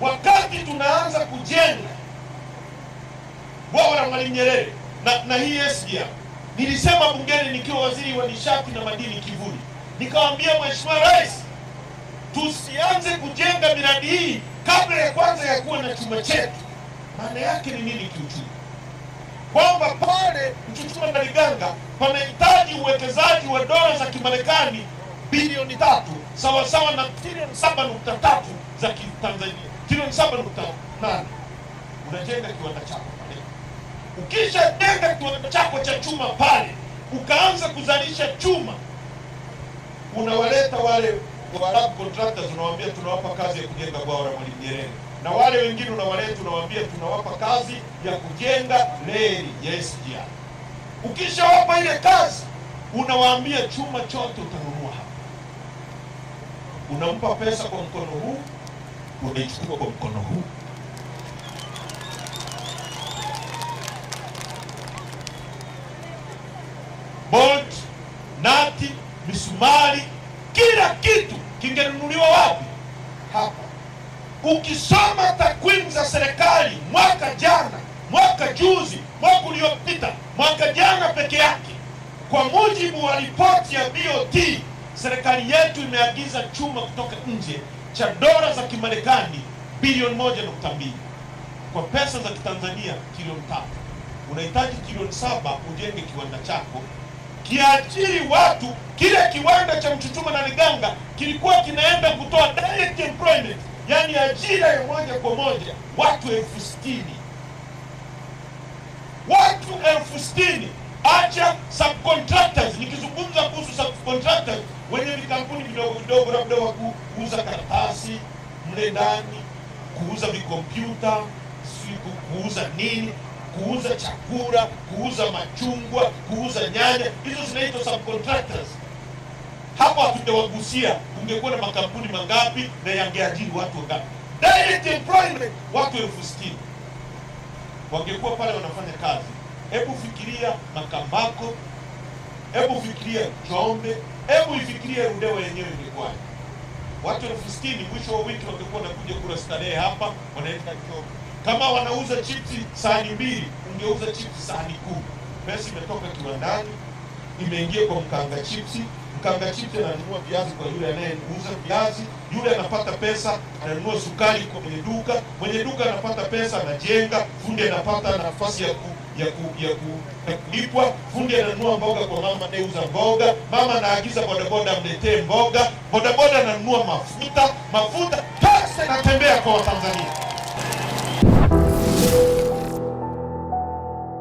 wakati tunaanza kujenga bwawa la Mwalimu Nyerere na, na hii SGR nilisema bungeni nikiwa waziri wa nishati na madini kivuli, nikamwambia Mheshimiwa Rais, tusianze kujenga miradi hii kabla ya kwanza ya kuwa na chuma chetu. Maana yake ni nini kiuchumi? Kwamba pale Mchuchuma Naliganga panahitaji uwekezaji wa dola za Kimarekani bilioni tatu sawasawa na trilioni saba nukta tatu saba nukta nane unajenga kiwanda chako pale. Ukishajenga kiwanda chako cha chuma pale, ukaanza kuzalisha chuma, unawaleta wale Waarabu contractors, unawaambia tunawapa kazi ya kujenga bwawa la Mwalimu Nyerere, na wale wengine unawaleta, unawaambia tunawapa kazi ya kujenga reli ya SGR. Ukishawapa ile kazi, unawaambia chuma chote utanunua hapa, unampa pesa kwa mkono huu wameichukua kwa mkono huu. Bolt, nati, misumari, kila kitu kingenunuliwa wapi? Hapa. Ukisoma takwimu za serikali mwaka jana, mwaka juzi, mwaka uliopita, mwaka jana peke yake, kwa mujibu wa ripoti ya BOT, serikali yetu imeagiza chuma kutoka nje cha dola za Kimarekani bilioni moja nukta mbili kwa pesa za Kitanzania trilioni tatu. Unahitaji trilioni saba ujenge kiwanda chako kiajiri watu. Kile kiwanda cha Mchuchuma na Liganga kilikuwa kinaenda kutoa direct employment, yani ajira ya moja kwa moja watu elfu sitini watu elfu sitini acha subcontractors nikizungumza contractor wenye vikampuni vidogo vidogo, labda wa kuuza karatasi mle ndani, kuuza vikompyuta, kuuza nini, kuuza chakula, kuuza machungwa, kuuza nyanya, hizo zinaitwa subcontractors. Hapo hatujawagusia. Ungekuwa na makampuni mangapi na yangeajiri watu wangapi? Direct employment watu elfu sitini wangekuwa pale wanafanya kazi. Hebu fikiria Makambako Hebu fikiria Njombe, hebu ifikirie Ludewa yenyewe ingekuwaje? Watu elfu sitini mwisho wa wiki wangekuwa wanakuja kula starehe hapa, wanaenda Njombe. Kama wanauza chipsi sahani mbili, ungeuza chipsi sahani kumi. Pesa imetoka kiwandani, imeingia kwa mkanga chipsi. Mkanga chipsi ananunua viazi kwa yule anayeuza viazi, yule anapata pesa, ananunua sukari kwa mwenye duka, mwenye duka anapata pesa, anajenga, fundi anapata nafasi ya kuku ya ku, ya kulipwa. Fundi ananunua mboga kwa mama, anayeuza mboga, mama anaagiza bodaboda amletee mboga, bodaboda ananunua mafuta, mafuta pesa inatembea kwa Watanzania.